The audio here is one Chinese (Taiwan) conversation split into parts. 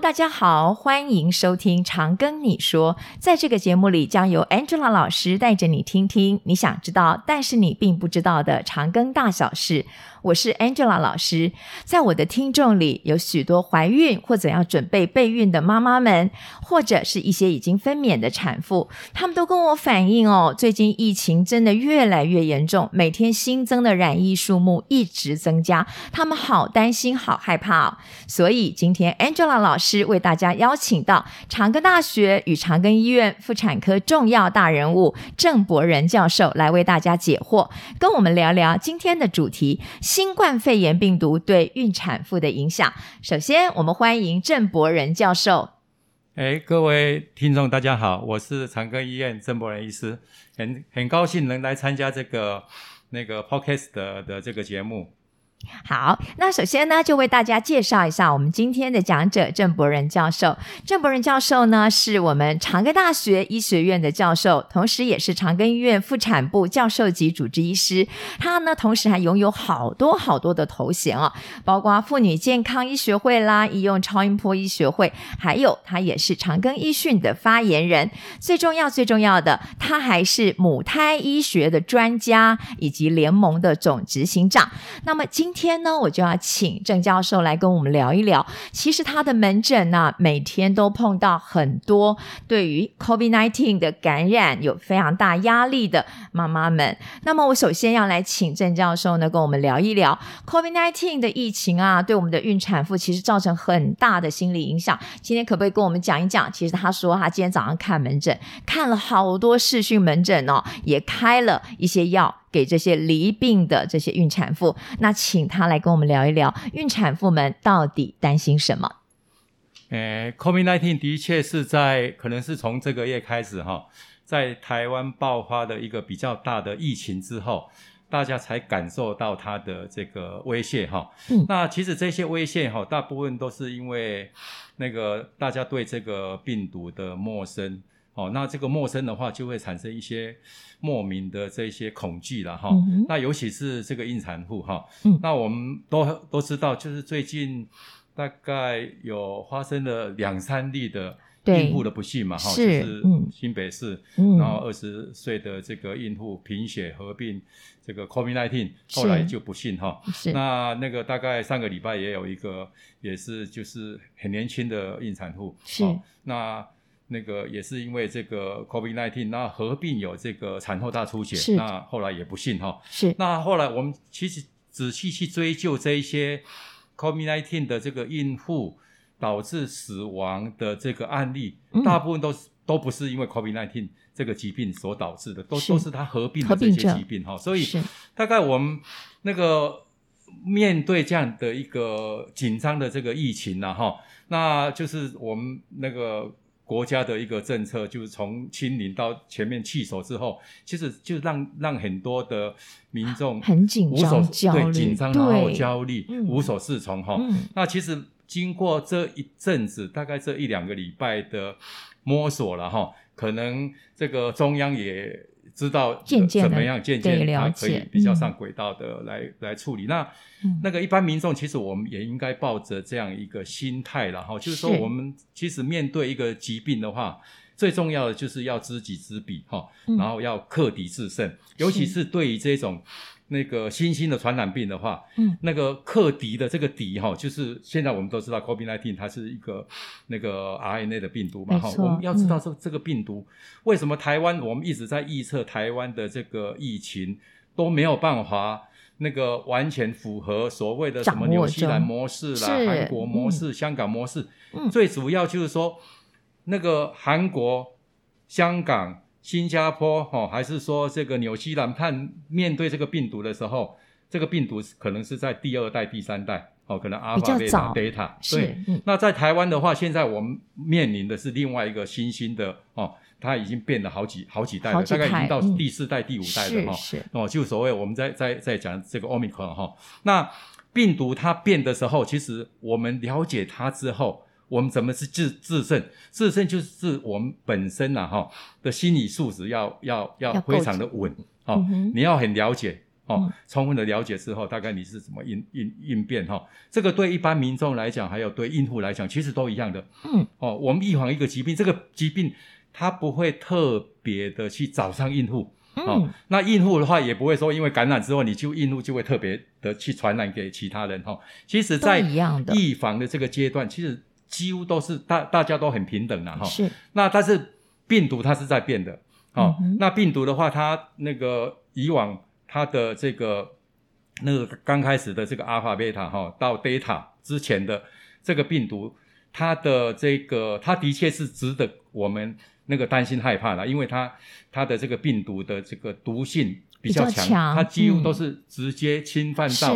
大家好，歡迎收聽《長庚你說》。在這個節目裡，將由 Angela 老師帶着你聽聽你想知道，但是你並不知道的長庚大小事。我是 Angela 老師，在我的聽眾裡有許多懷孕或者要準備備孕的媽媽們，或者是一些已經分娩的產婦，她們都跟我反映哦，最近疫情真的越來越嚴重，每天新增的染疫數目一直增加，她們好擔心，好害怕哦。所以今天 Angela 老師為大家邀請到長庚大學與長庚醫院婦產科重要大人物鄭博仁教授來為大家解惑，跟我們聊聊今天的主題。新冠肺炎病毒對孕產婦的影響。首先，我們歡迎鄭博仁教授。誒，各位聽眾，大家好，我是長庚醫院鄭博仁醫師，很很高興能來參加這個那個 Podcast 的，的這個節目。好，那首先呢，就為大家介紹一下我們今天的講者鄭博仁教授。鄭博仁教授呢，是我們長庚大學醫學院的教授，同時也是長庚醫院婦產部教授級主治醫師。他呢，同時還擁有好多好多的頭銜哦、啊，包括婦女健康醫學會啦、醫用超音波醫學會，還有他也是長庚醫訊的發言人。最重要、最重要的，他還是母胎醫學的專家以及聯盟的總執行長。那麼今天今天呢，我就要請鄭教授來跟我們聊一聊。其實他的門診呢、啊，每天都碰到很多對於 COVID-19 的感染有非常大壓力的媽媽們。那麼，我首先要來請鄭教授呢，跟我們聊一聊 COVID-19 的疫情啊，對我們的孕產婦其實造成很大的心理影響。今天可不可以跟我們講一講？其實他說，他今天早上看門診，看了好多視訊門診哦，也開了一些藥。給這些罹病的這些孕產婦，那請她來跟我們聊一聊，孕產婦們到底擔心什麼？呃、欸，COVID-19 的確是在可能是從這個月開始哈、哦，在台灣爆發的一個比較大的疫情之後，大家才感受到它的這個威脅哈、哦。嗯、那其實這些威脅哈、哦，大部分都是因為那個大家對這個病毒的陌生。哦，那這個陌生的話就會產生一些莫名的這些恐懼了哈。哦嗯、哼那尤其是這個孕產婦哈，哦嗯、那我們都都知道，就是最近大概有發生了兩三例的孕婦的不幸嘛哈對、哦，就是新北市，嗯、然後二十歲的這個孕婦貧血合併、嗯、這個 COVID-19，後來就不幸哈。哦、那那個大概上個禮拜也有一個，也是就是很年輕的孕產婦。是、哦、那。那個也是因為這個 COVID-19，那合併有這個產後大出血，是那後來也不幸哈。是。那後來我們其實仔細去追究這一些 COVID-19 的這個孕婦導致死亡的這個案例，嗯、大部分都都不是因為 COVID-19 這個疾病所導致的，都是都是他合併的這些疾病哈。所以，是大概我們那個面對這樣的一個緊張的這個疫情了、啊、哈，那就是我們那個。國家的一個政策就是從清零到前面棄守之後，其實就讓讓很多的民眾很緊張，對，緊張然後焦慮，對無所適從哈。那其實經過這一陣子，大概這一兩個禮拜的摸索了哈，可能這個中央也。知道漸漸怎麼樣，漸漸它可以比較上軌道的來來處理。那、嗯、那個一般民眾其實我們也應該抱着這樣一個心態啦，然後是就是說我們其實面對一個疾病的話，最重要的就是要知己知彼哈，嗯、然後要克敵制勝，嗯、尤其是對於這種。那個新興的傳染病的話，嗯、那個克敵的這個敵哈、哦，就是現在我們都知道 COVID-19 它是一個那個 RNA 的病毒嘛哈。錯吼我們要知道這、嗯、這個病毒為什麼台灣我們一直在預測台灣的這個疫情都沒有辦法那個完全符合所謂的什麼紐西蘭模式啦、韓國模式、嗯、香港模式，嗯、最主要就是說那個韓國、香港。新加坡哈、哦，還是說這個紐西蘭判面對這個病毒的時候，這個病毒可能是在第二代、第三代哦，可能阿爾法貝塔。比較早。那在台灣的話，現在我們面臨的是另外一個新興的哦，它已經變了好幾好幾代了，幾大概已經到第四代、嗯、第五代了哈。是，是。哦，就所謂我們在在在講這個 Omicron 哈、哦，那病毒它變的時候，其實我們了解它之後。我們怎麼去致致勝？致勝就是我們本身吶、啊、哈、哦，的心理素質要要要非常的穩，哦，嗯、哼你要很了解，哦，嗯、充分的了解之後，大概你是怎麼應應應變，哈、哦。這個對一般民眾來講，還有對孕婦來講，其實都一樣的，嗯，哦，我們預防一個疾病，這個疾病它不會特別的去找上孕婦，嗯、哦，那孕婦的話也不會說因為感染之後你就孕婦就會特別的去傳染給其他人，哈、哦。其實在一樣的，在預防的這個階段，其實。幾乎都是大，大家都很平等了哈。是，那但是病毒它是在變的，哦，嗯、哼那病毒的話，它那個以往它的這個那個剛開始的這個阿爾法貝 a t a 哈，到 t a 之前的這個病毒，它的這個它的確是值得我們那個擔心害怕的，因為它它的這個病毒的這個毒性。比較強，它幾乎都是直接侵犯到我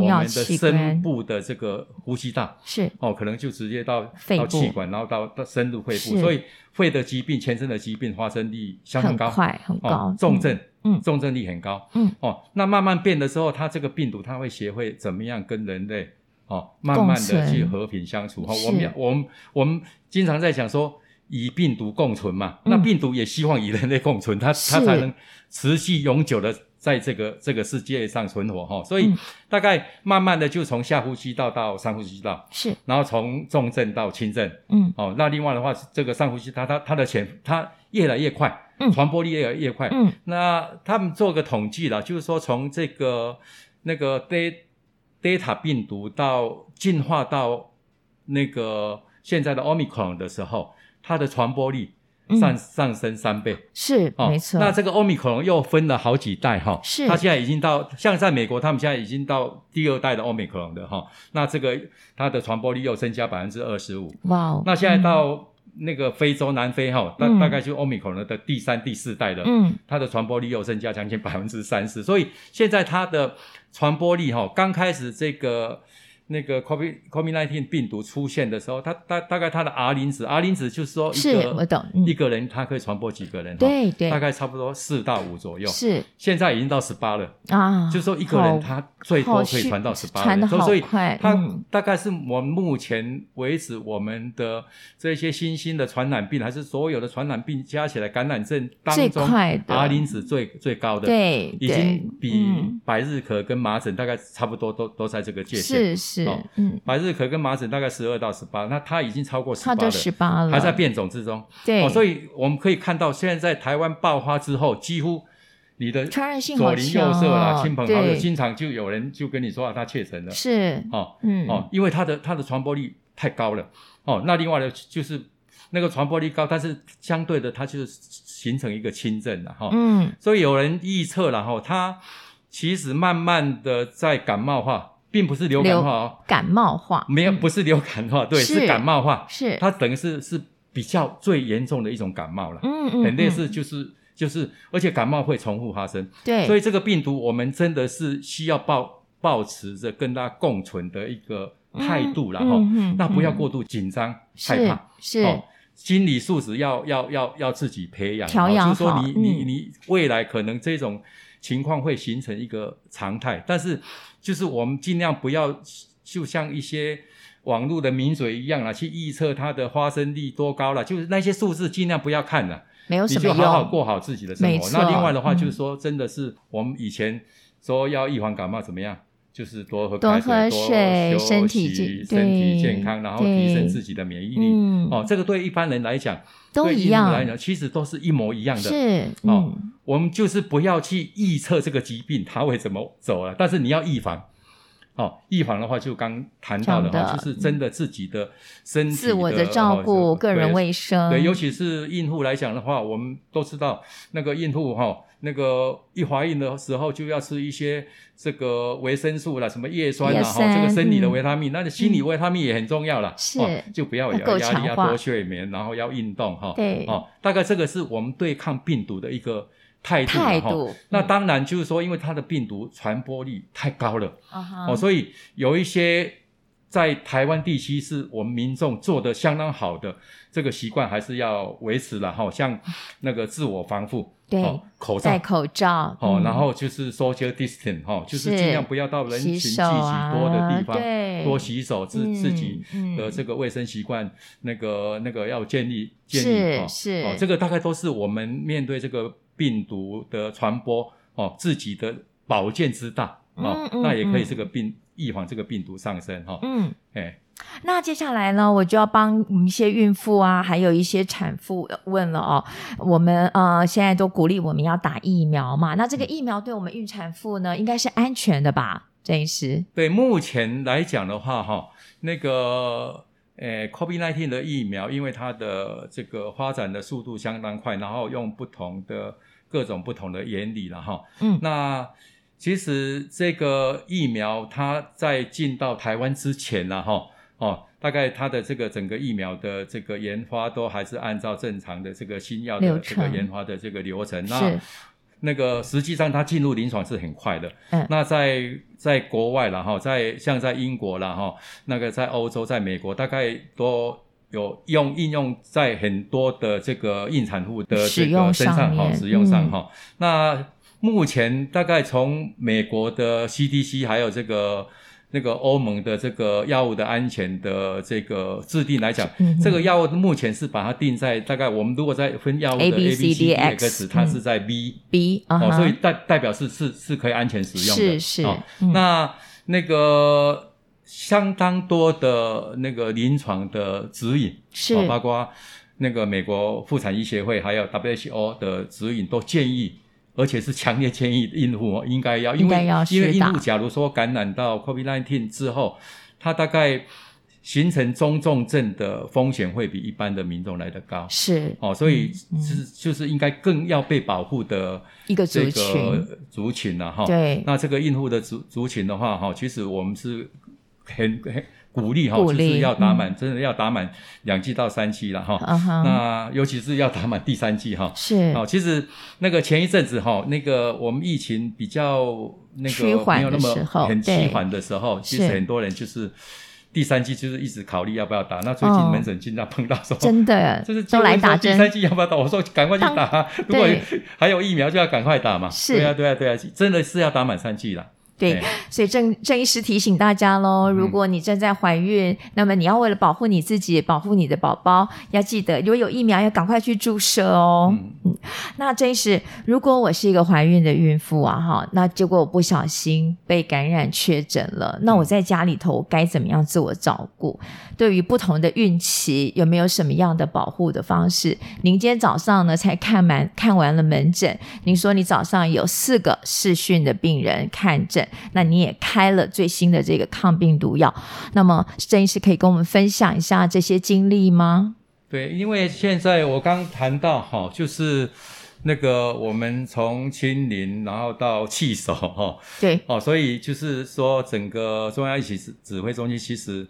們的深部的這個呼吸道，是哦，可能就直接到肺，到氣管，然後到到深入肺部，所以肺的疾病、全身的疾病發生率相當高，很快很高，重症重症率很高嗯哦，那慢慢變的時候，它這個病毒它會學會怎麼樣跟人類哦慢慢的去和平相處哦，我們我們我們經常在講說。以病毒共存嘛，嗯、那病毒也希望以人類共存，是它它才能持續永久的在這個這個世界上存活哈、哦。所以大概慢慢的就從下呼吸道到上呼吸道，是，然後從重症到輕症，嗯，哦，那另外的話，這個上呼吸道它它它的潛它越來越快，嗯、傳播力越來越快，嗯，那他們做個統計啦，就是說從這個那個 Delta 病毒到進化到那個現在的 Omicron 的時候。它的傳播力上、嗯、上升三倍，是，哦、沒錯。那這個歐米克隆又分了好幾代哈，哦、是。它現在已經到，像在美國，他們現在已經到第二代的歐米克隆的哈、哦，那這個它的傳播力又增加百分之二十五。哇。Wow, 那現在到那個非洲南非哈、嗯哦，大大概就歐米克隆的第三第四代的，嗯，它的傳播力又增加將近百分之三十。所以現在它的傳播力哈、哦，剛開始這個。那個 COVID COVID nineteen 病毒出現的時候，它大大概它的 R 零值 R 零值就是說，是我懂，一個人他可以傳播幾個人，對對，大概差不多四到五左右。是，現在已經到十八了啊，就是說一個人他最多可以傳到十八，傳的好快。所以他大概是我們目前為止我們的這些新興的傳染病，還是所有的傳染病加起來，感染症當中 R 零值最最高的，對，已經比百日咳跟麻疹大概差不多，都都在這個界限。是是。是，嗯，百日咳跟麻疹大概十二到十八，那他已經超過十八了，還在變種之中。對，哦，所以我們可以看到，現在在台灣爆發之後，幾乎你的左鄰右舍啦、親朋好友，經常就有人就跟你說啊，他確診了，是，哦，嗯，哦，因為他的他的傳播力太高了，哦，那另外呢，就是那個傳播力高，但是相對的，它就是形成一個輕症了，哈，嗯，所以有人預測了，哈，它其實慢慢的在感冒化。並不是流感化哦，感冒化沒有，不是流感化，對，是感冒化，是，它等於是是比較最嚴重的一種感冒了，嗯嗯，肯定是就是就是，而且感冒會重複發生，對，所以這個病毒我們真的是需要抱抱持着跟它共存的一個態度，然後嗯，那不要過度緊張害怕，是，心理素質要要要要自己培養，調養，就是說你你你未來可能這種。情況會形成一個常態，但是就是我們盡量不要，就像一些網絡的名嘴一樣啊，去預測它的發生率多高了，就是那些數字盡量不要看了，沒有什麼用。你就好好過好自己的生活。沒錯，那另外的話就是說，真的是我們以前說要預防感冒怎麼樣？嗯就是多喝開水，多喝水，多休息，身體，對身體健康，然後提升自己的免疫力。對嗯、哦，這個對一般人來講都一樣對來講，其實都是一模一樣的。樣哦是哦、嗯嗯，我們就是不要去預測這個疾病它會怎麼走了、啊，但是你要預防。哦，預防的話就剛談到的哈，就是真的自己的身體的，自我的照顧、哦、個人衛生對，對，尤其是孕婦來講的話，我們都知道那個孕婦哈、哦，那個一懷孕的時候就要吃一些這個維生素啦，什麼葉酸啦，哈葉酸、哦，這個生理的維他命，嗯、那心理維他命也很重要啦，嗯哦、是，就不要有壓力，要多睡眠，嗯、然後要運動哈，哦、對，哦，大概這個是我們對抗病毒的一個。態度，那當然就是說，因為它的病毒傳播率太高了，哦，所以有一些在台灣地區是我們民眾做的相當好的這個習慣，還是要維持了哈。像那個自我防護，對口罩、戴口罩，好，然後就是 social distance 就是盡量不要到人群聚集多的地方，多洗手，自自己的這個衛生習慣，那個那個要建立建立是這個大概都是我們面對這個。病毒的傳播哦，自己的保健之道哦，嗯嗯、那也可以這個病預防這個病毒上升哈。哦、嗯，哎、欸，那接下來呢，我就要幫一些孕婦啊，還有一些產婦、呃、問了哦，我們呃現在都鼓勵我們要打疫苗嘛，那這個疫苗對我們孕產婦呢，應該是安全的吧？鄭醫師。對，目前來講的話哈、哦，那個呃、欸，COVID-19 的疫苗，因為它的這個發展的速度相當快，然後用不同的。各種不同的原理了哈，嗯、那其實這個疫苗它在進到台灣之前了哈，哦，大概它的這個整個疫苗的這個研發都還是按照正常的這個新藥的這個研發的這個流程，流程那是那個實際上它進入臨床是很快的，嗯、那在在國外了哈，在像在英國了哈，那個在歐洲、在美國，大概都。有用應用在很多的這個孕產婦的這個身上哈，使用上哈、嗯哦。那目前大概從美國的 CDC 還有這個那個歐盟的這個藥物的安全的這個制定來講，嗯、哼這個藥物目前是把它定在大概我們如果在分藥物的 A B C D X、嗯、它是在 B，B 啊，所以代代表是是是可以安全使用的。是是，哦嗯、那那個。相當多的那個臨床的指引，是、哦、包括那個美國婦產醫協會，還有 WHO 的指引都建議，而且是強烈建議孕婦應，應該要，因為應該要因為孕婦假如說感染到 COVID nineteen 之後，它大概形成中重症的風險會比一般的民眾來得高，是哦，所以是、嗯、就是應該更要被保護的這個、啊、一個族群族群了哈。哦、對，那這個孕婦的族族群的話哈、哦，其實我們是。很很鼓勵哈，就是要打滿，真的要打滿兩劑到三劑了哈。那尤其是要打滿第三劑哈。是。哦，其實那個前一陣子哈，那個我們疫情比較那個沒有那麼很期緩的時候，其實很多人就是第三劑就是一直考慮要不要打。那最近門診經常碰到說，真的就是都來打第三劑要不要打？我說趕快去打，如果還有疫苗就要趕快打嘛。是，對啊，對啊，對啊，真的是要打滿三劑了。對，所以鄭鄭醫師提醒大家咯，如果你正在懷孕，嗯、那麼你要為了保護你自己、保護你的寶寶，要記得如果有疫苗，要趕快去注射哦。嗯。那鄭醫師，如果我是一個懷孕的孕婦啊，哈，那結果我不小心被感染確診了，那我在家裡頭該怎麼樣自我照顧？對於不同的孕期，有沒有什麼樣的保護的方式？您今天早上呢才看完，看完了門診，您說你早上有四個視訊的病人看診，那你也開了最新的這個抗病毒藥，那麼鄭醫師可以跟我們分享一下這些經歷嗎？對，因為現在我剛談到哈、哦，就是那個我們從清零然後到棄守哈，哦、對，哦，所以就是說整個中央疫情指揮中心其實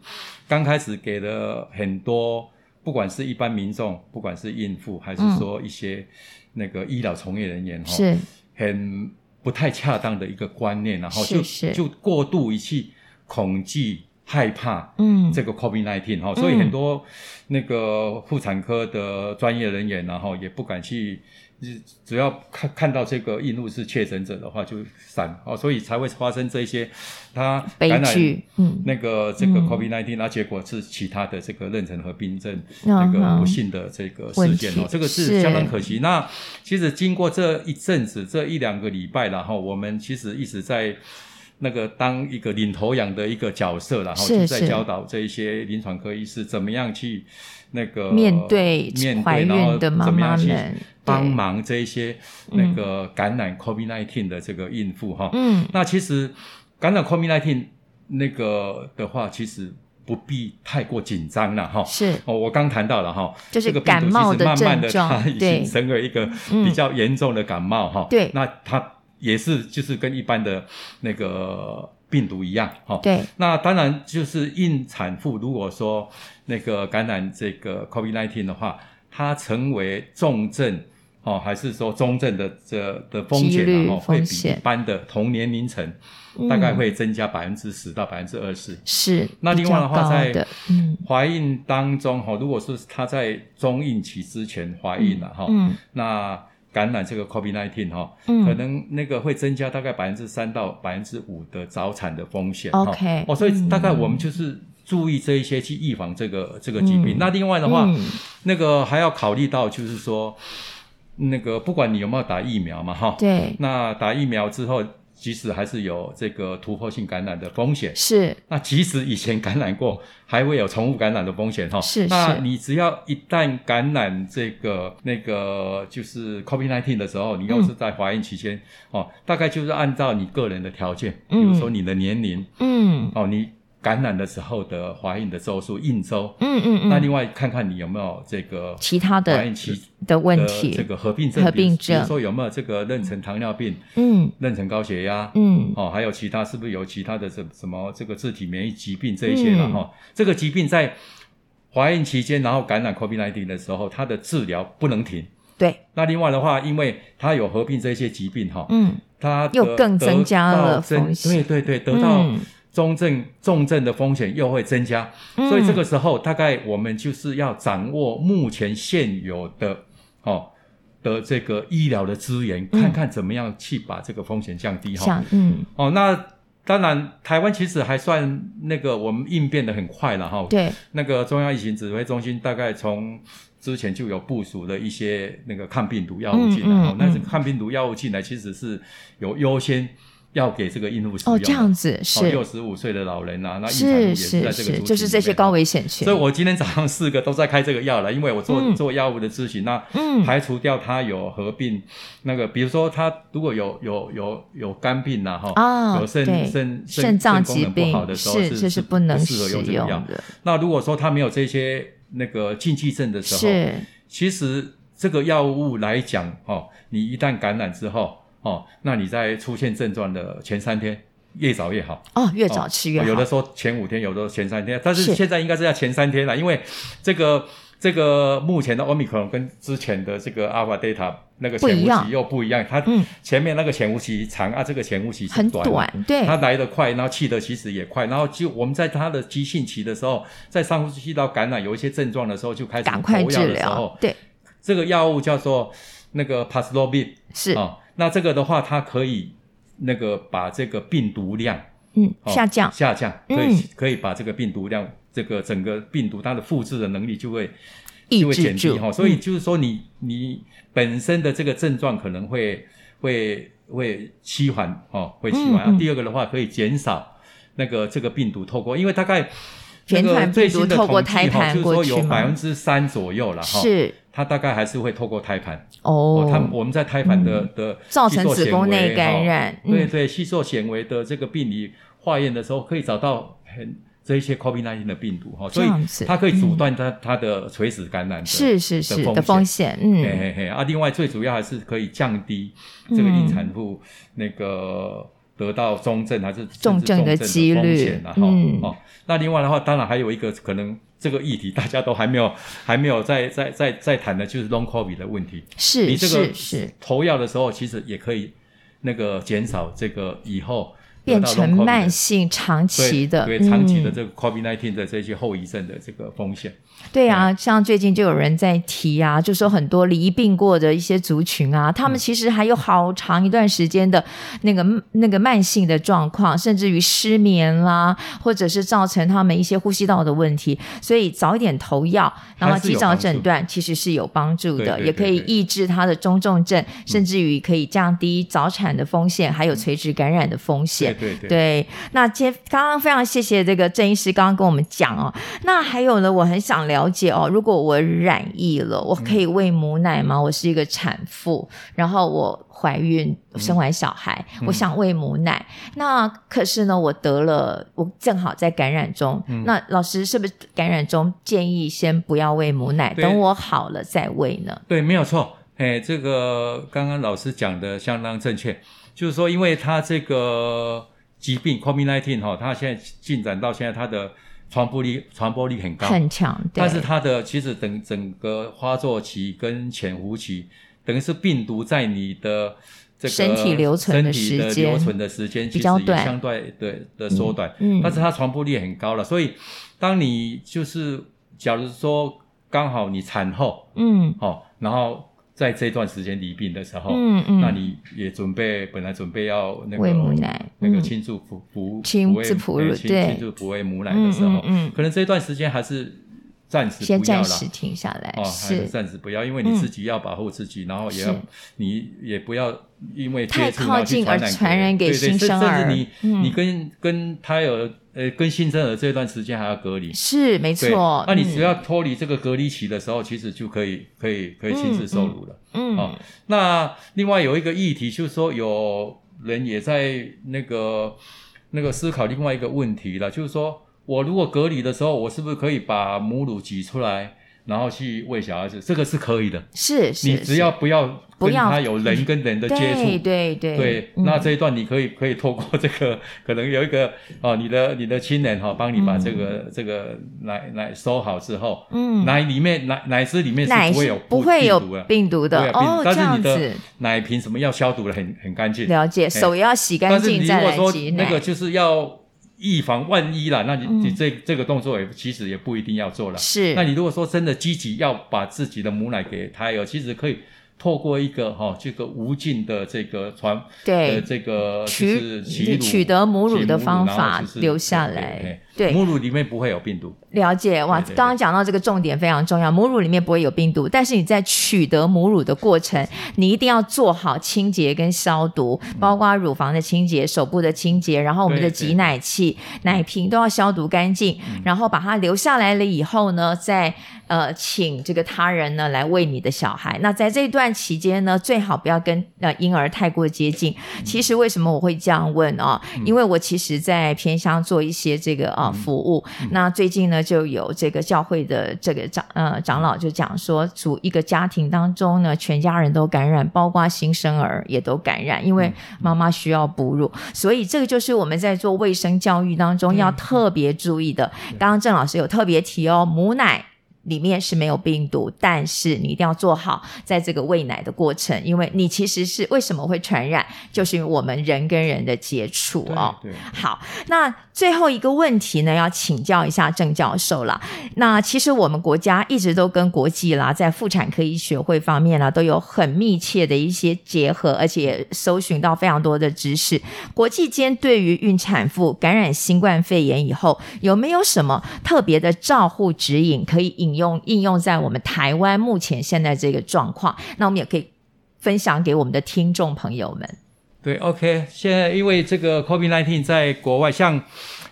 剛開始給了很多，不管是一般民眾，不管是孕婦還是說一些那個醫療從業人員哈，嗯哦、是很不太恰當的一個觀念，然後就是是就過度一去恐懼。害怕，19，嗯，這個 COVID-19 哈，所以很多那個婦產科的專業人員、啊，然後、嗯、也不敢去，只要看看到這個孕婦是確診者的話就閃哦，所以才會發生這些他悲劇，嗯，那個這個 COVID-19，那、嗯嗯啊、結果是其他的這個妊娠和病症、嗯、那，好那個不幸的這個事件題哦，這個是相當可惜。是那其實經過這一陣子，這一兩個禮拜，然、哦、後我們其實一直在。那個當一個領頭羊的一個角色，然後就在教導這一些臨床科醫師怎麼樣去那個面對懷孕的媽媽們，然後怎麼樣去幫忙這一些那個感染 COVID-19 的這個孕婦哈。嗯，那其實感染 COVID-19 那個的話，其實不必太過緊張了哈。是哦，我剛談到了哈，就是感冒的症狀，對，這個病毒其實慢慢的它已經成為一個比較嚴重的感冒哈。對，那它。也是就是跟一般的那個病毒一樣，哈對。對、哦。那當然就是孕產婦如果說那個感染這個 COVID-19 的話，它成為重症哦，還是說中症的這的風險哦、啊，險會比一般的同年齡層大概會增加百分之十到百分之二十。是。嗯、那另外的話，在懷孕當中哈，嗯、如果是她在中孕期之前懷孕了哈，那。感染這個 COVID nineteen 哈，19，可能那個會增加大概百分之三到百分之五的早產的風險。OK，哦，所以大概我們就是注意這一些去預防這個、嗯、這個疾病。那另外的話，嗯、那個還要考慮到就是說，那個不管你有沒有打疫苗嘛，哈，對，那打疫苗之後。即使還是有這個突破性感染的風險，是。那即使以前感染過，還會有重複感染的風險、哦，哈。是，是。那你只要一旦感染這個那個就是 COVID-19 的時候，你要是在懷孕期間，嗯、哦，大概就是按照你個人的條件，嗯、比如說你的年齡，嗯，哦你。感染的時候的懷孕的週數、孕週，嗯嗯嗯。那另外看看你有沒有這個其他的懷孕期的問題，這個合併症，合併症，比如說有沒有這個妊娠糖尿病，嗯，妊娠高血壓，嗯，哦，還有其他是不是有其他的什什麼這個自體免疫疾病這一些了哈？這個疾病在懷孕期間，然後感染 COVID-19 的時候，它的治療不能停。對。那另外的話，因為它有合併這些疾病哈，嗯，它又更增加了風險。對對對，得到。中症重症的風險又會增加，嗯、所以這個時候大概我們就是要掌握目前現有的哦的這個醫療的資源，嗯、看看怎麼樣去把這個風險降低哈。嗯。哦，那當然，台灣其實還算那個我們應變得很快了哈。對、哦。那個中央疫情指揮中心大概從之前就有部署了一些那個抗病毒藥物進來，哈，但是抗病毒藥物進來其實是有優先。要給這個孕婦血哦，這樣子是六十五歲的老人啊，那孕產婦也是在這個族群裡面，就是這些高危險群。所以，我今天早上四個都在開這個藥了，因為我做做藥物的諮詢，那排除掉他有合併那個，比如說他如果有有有有肝病吶，哈，有腎腎腎臟功能不好的時候是是不能適合用這個藥的。那如果說他沒有這些那個禁忌症的時候，是其實這個藥物來講哦，你一旦感染之後。哦，那你在出現症狀的前三天，越早越好。哦，越早吃越好。哦、有的說前五天，有的說前三天，但是現在應該是在前三天了，是因為這個這個目前的奧密克戎跟之前的這個 Alpha、Beta 那個潛伏期又不一樣，一樣它前面那個潛伏期長、嗯、啊，這個潛伏期很短，對、嗯，它來得快，然後去得其實也快，然後就我們在它的急性期的時候，在上呼吸道感染有一些症狀的時候就開始投藥的時候。趕快治療，對，這個藥物叫做那個 Paxlovid，是、哦那這個的話，它可以那個把這個病毒量，嗯，下降，下降，可以可以把這個病毒量，這個整個病毒它的複製的能力就會就會減低哈，所以就是說你你本身的這個症狀可能會會會趨緩哦，會趨緩。第二個的話，可以減少那個這個病毒透過，因為大概這個最多透過胎盤就是說有百分之三左右了哈。是。它大概還是會透過胎盤哦，它我們在胎盤的的造成子宮內感染，對對，吸收纖維的這個病理化驗的時候可以找到很這一些 COVID-19 的病毒哈，所以它可以阻斷它它的垂直感染是是是的風險，嗯，嘿嘿嘿。啊，另外最主要還是可以降低這個孕產婦那個得到中症還是重症的幾率然哈哦。那另外的話，當然還有一個可能。這個議題大家都還沒有還沒有在在在在談的，就是 long COVID 的問題。是是是，你這個投藥的時候其實也可以那個減少這個以後變成慢性、長期的，對，對長期的這個 COVID-19 的這些後遺症的這個風險。嗯。對啊，像最近就有人在提啊，嗯、就說很多離病過的一些族群啊，他們其實還有好長一段時間的那個、嗯、那個慢性的狀況，甚至於失眠啦、啊，或者是造成他們一些呼吸道的問題，所以早一點投藥，然後提早診斷，其實是有幫助的，也可以抑制他的中重症，對對對對，甚至於可以降低早產的風險，嗯、還有垂直感染的風險。對，對，對，對那接，剛剛非常謝謝這個鄭醫師剛剛跟我們講哦，那還有呢，我很想。了解哦，如果我染疫了，我可以餵母奶嗎？嗯、我是一個產婦，然後我懷孕我生完小孩，嗯、我想餵母奶，嗯、那可是呢，我得了，我正好在感染中。嗯、那老師是不是感染中建議先不要餵母奶，對等我好了再餵呢？對，沒有錯。哎，這個剛剛老師講的相當正確，就是說，因為他這個疾病 COVID-19 哈、哦，他現在進展到現在他的。傳播力傳播力很高，很強。但是它的其實等整，整個發作期跟潛伏期，等於是病毒在你的這個身體留存的時間比較短，相對的的縮短。嗯，但是它傳播力很高了。所以當你就是假如說剛好你產後，嗯，哦，然後。在這段時間罹病的時候，嗯嗯、那你也準備本來準備要那個那個慶祝福慶祝福，耶對，慶祝福餵母奶的時候，嗯嗯嗯嗯、可能這段時間還是。暫時不要了。先暫時停下來。是暫時不要，因為你自己要保護自己，然後也要你也不要因為太靠近而傳染給新生兒。甚至你你跟跟胎兒呃跟新生兒這段時間還要隔離。是沒錯。那你只要脫離這個隔離期的時候，其實就可以可以可以親自授乳了。嗯。啊，那另外有一個議題就是說，有人也在那個那個思考另外一個問題了，就是說。我如果隔離的時候，我是不是可以把母乳擠出來，然後去餵小孩子？這個是可以的，是是。你只要不要跟他有人跟人的接觸，對對對。那這一段你可以可以透過這個，可能有一個哦，你的你的親人哈，幫你把這個這個奶奶收好之後，嗯，奶裡面奶奶汁裡面是不會有不會有病毒的病毒的哦。這樣子。但是你的奶瓶什麼要消毒的很很乾淨。了解，手要洗乾淨，如果說那個就是要。以防萬一啦，那你、嗯、你這這個動作也其實也不一定要做了。是。那你如果說真的積極要把自己的母奶給胎兒，其實可以透過一個哈這、哦、個無盡的這個傳對，這個取取得母乳的方法、就是、留下來。對對對對，母乳裡面不會有病毒。了解。哇，對對對，剛剛講到這個重點非常重要，母乳裡面不會有病毒，但是你在取得母乳的過程，你一定要做好清潔跟消毒，嗯、包括乳房的清潔、手部的清潔，然後我們的擠奶器、對對對，奶瓶都要消毒乾淨，嗯、然後把它留下來了以後呢，再呃，請這個他人呢來喂你的小孩。那在這段期間呢，最好不要跟呃嬰兒太過接近。嗯、其實為什麼我會這樣問啊、哦？嗯、因為我其實，在偏鄉做一些這個啊。呃服務、嗯嗯、那最近呢，就有這個教會的這個長呃長老就講說，組一個家庭當中呢，全家人都感染，包括新生兒也都感染，因為媽媽需要哺乳，嗯嗯、所以這個就是我們在做衛生教育當中要特別注意的。嗯、剛剛鄭老師有特別提哦，母奶裡面是沒有病毒，但是你一定要做好在這個餵奶的過程，因為你其實是為什麼會傳染，就是因為我們人跟人的接觸哦。好，那。最後一個問題呢，要請教一下鄭教授啦。那其實我們國家一直都跟國際啦，在婦產科醫學會方面呢，都有很密切的一些結合，而且搜尋到非常多的知識。國際間對於孕產婦感染新冠肺炎以後，有沒有什麼特別的照護指引可以引用，應用在我們台灣目前現在這個狀況？那我們也可以分享給我們的聽眾朋友們。對，OK，現在因為這個 COVID-19 在國外，像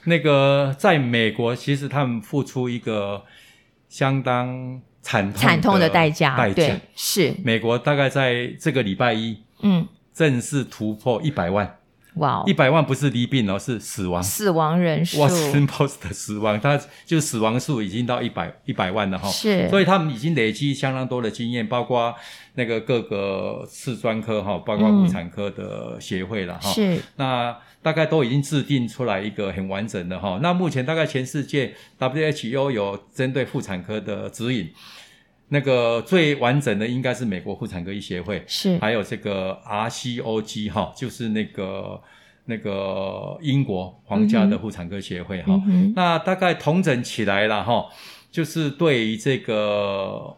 那個在美國，其實他們付出一個相當慘痛慘痛的代價。對，是美國大概在這個禮拜一，嗯，正式突破一百萬。嗯哇，一百 Wow, 萬不是罹病而，哦，是死亡，死亡人數。哇，新加坡的死亡，他就死亡數已經到一百一百萬了哈，哦。是，所以他們已經累積相當多的經驗，包括那個各個次專科哈，哦，包括婦產科的協會了哈，哦嗯。是，那大概都已經制定出來一個很完整的哈，哦。那目前大概全世界 WHO 有針對婦產科的指引。那個最完整的應該是美國婦產科醫協會，是還有這個 R C O G 哈、哦，就是那個那個英國皇家的婦產科協會哈。那大概統整起來了哈、哦，就是對於這個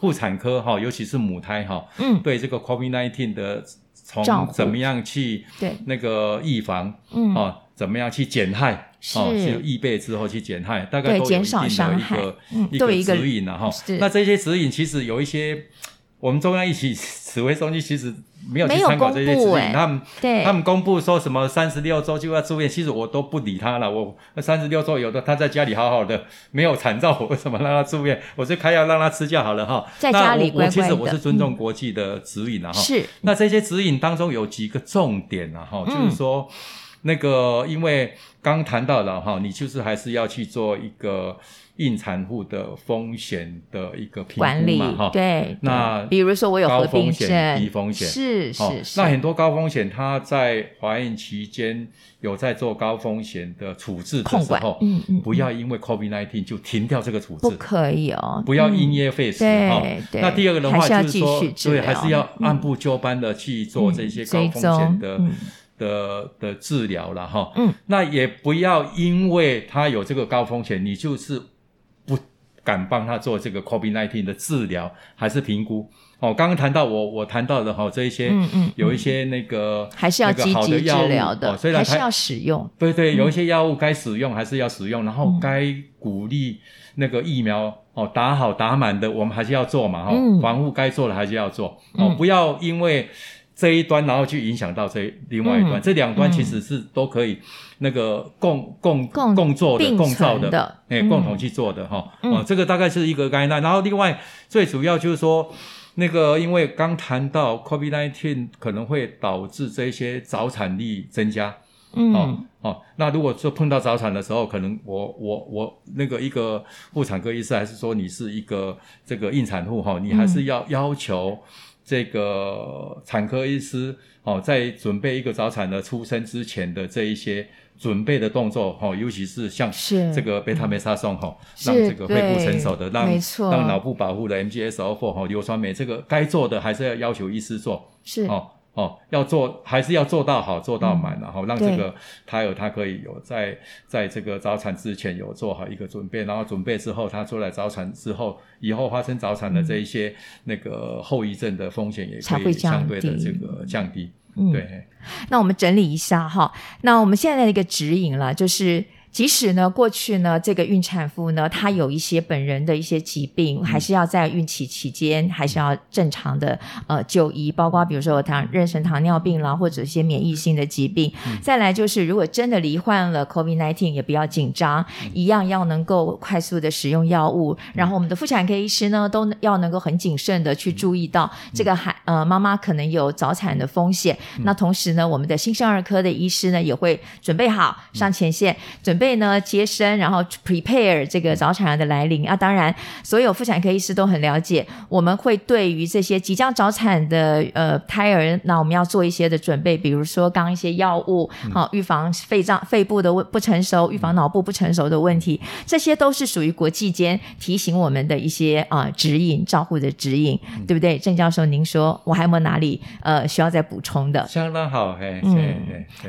婦產科哈、哦，尤其是母胎哈，哦嗯、對這個 C O V I D nineteen 的從怎麼樣去對那個預防啊。怎麼樣去減害？是去預備之後去減害，大概都有一定的一個一個指引了哈。那這些指引其實有一些，我們中央一起指揮中心其實沒有去參考這些指引，他們他們公布說什麼三十六周就要住院，其實我都不理他了。我三十六周有的他在家裡好好的，沒有慘兆，我為什麼讓他住院？我就開藥讓他吃藥好了哈。在家裡乖乖的。那我其實我是尊重國際的指引了哈。是。那這些指引當中有幾個重點了哈，就是說。那個，因為剛談到了哈，你就是還是要去做一個孕產婦的風險的一個評估嘛，哈，對，那比如說我有高風險、低風險，是是是。那很多高風險，他在懷孕期間有在做高風險的處置的時候，嗯嗯，不要因為 COVID-19 就停掉這個處置，不可以哦，不要因噎廢食啊。對，對。那第二個的話就是說，所以還是要按部就班的去做這些高風險的。的的治療了哈，哦、嗯，那也不要因為他有這個高風險，你就是不敢幫他做這個 COVID-19 的治療還是評估哦。剛剛談到我我談到的哈、哦、這一些，嗯嗯，嗯有一些那個、嗯嗯、還是要積極個好的治療的，哦、所以還是要使用。對，對對，有一些藥物該使用還是要使用，嗯、然後該鼓勵那個疫苗哦打好打滿的，我們還是要做嘛、哦嗯、防護該做的還是要做、嗯、哦，不要因為。這一端，然後去影響到這另外一端、嗯，這兩端其實是都可以那個共、嗯、共共做的，的共造的，哎、嗯欸，共同去做的哈。嗯、哦，嗯、這個大概是一個概念。然後另外最主要就是說，那個因為剛談到 COVID-19 可能會導致這些早產率增加。嗯哦，哦，那如果說碰到早產的時候，可能我我我那個一個婦產科醫生還是說你是一個這個孕產婦哈、哦，你還是要要求、嗯。這個產科醫師哦，在準備一個早產的出生之前的這一些準備的動作哈、哦，尤其是像這個貝塔梅沙松哈，ong, 哦、是讓這個肺部成熟的，對讓錯讓腦部保護的 MGSO4 哈、哦，硫酸鎂這個該做的還是要要求醫師做是哦。哦，要做還是要做到好，做到滿，嗯、然後讓這個他有他可以有在對在這個早產之前有做好一個準備，然後準備之後他出來早產之後，以後發生早產的這一些那個後遺症的風險也會相對的這個降低。降低對、嗯，那我們整理一下哈，那我們現在的一個指引了就是。即使呢，過去呢，這個孕產婦呢，她有一些本人的一些疾病，嗯、還是要在孕期期間還是要正常的呃就醫，包括比如說有糖妊娠糖尿病啦，或者一些免疫性的疾病。嗯、再來就是，如果真的罹患了 COVID-19，也不要緊張，嗯、一樣要能夠快速的使用藥物。嗯、然後我們的婦產科醫師呢，都要能夠很謹慎的去注意到這個孩、嗯、呃媽媽可能有早產的風險。嗯、那同時呢，我們的新生兒科的醫師呢，也會準備好上前線、嗯、準。準備呢，接生，然後 prepare 這個早產兒的來臨啊。當然，所有婦產科醫師都很了解，我們會對於這些即將早產的呃胎兒，那我們要做一些的準備，比如說剛一些藥物，好、嗯啊、預防肺臟、肺部的不成熟，預防腦部不成熟的問題，這些都是屬於國際間提醒我們的一些啊、呃、指引、照護的指引，對不對？嗯、鄭教授，您說我還有沒有哪裡呃需要再補充的？相當好，嘿，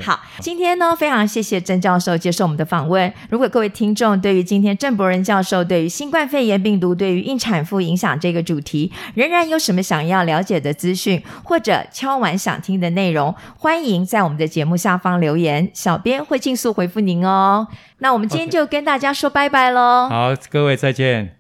好。今天呢，非常謝謝鄭教授接受我們的訪。問。如果各位聽眾對於今天鄭博仁教授對於新冠肺炎病毒對於孕產婦影響這個主題，仍然有什麼想要了解的資訊，或者敲碗想聽的內容，歡迎在我們的節目下方留言，小編會儘速回復您哦。那我們今天就跟大家說拜拜嘍。Okay. 好，各位再見。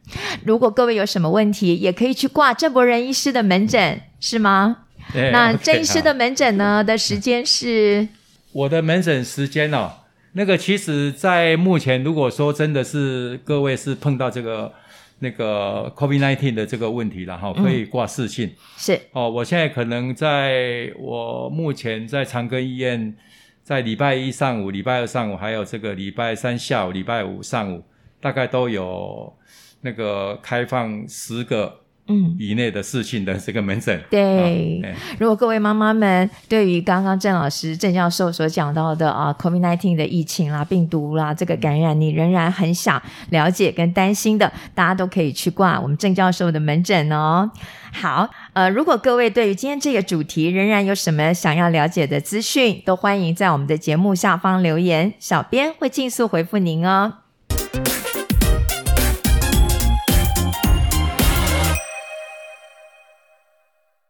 如果各位有什麼問題，也可以去掛鄭博仁醫師的門診，是嗎？對那鄭醫師的門診呢？Okay, 的時間是？我的門診時間哦。那個，其實，在目前，如果說真的是各位是碰到這個那個 COVID-19 的這個問題了哈，可以掛視訊。嗯、是哦，我現在可能在我目前在長庚醫院，在禮拜一上午、禮拜二上午，還有這個禮拜三下午、禮拜五上午，大概都有那個開放十個。嗯，以內的事情的這個門診。對，如果各位媽媽們對於剛剛鄭老師、鄭教授所講到的啊，COVID-19 的疫情啦、啊、病毒啦、啊、這個感染，你仍然很想了解跟擔心的，大家都可以去掛我們鄭教授的門診哦。好，呃，如果各位對於今天這個主題仍然有什麼想要了解的資訊，都歡迎在我們的節目下方留言，小編會盡速回復您哦。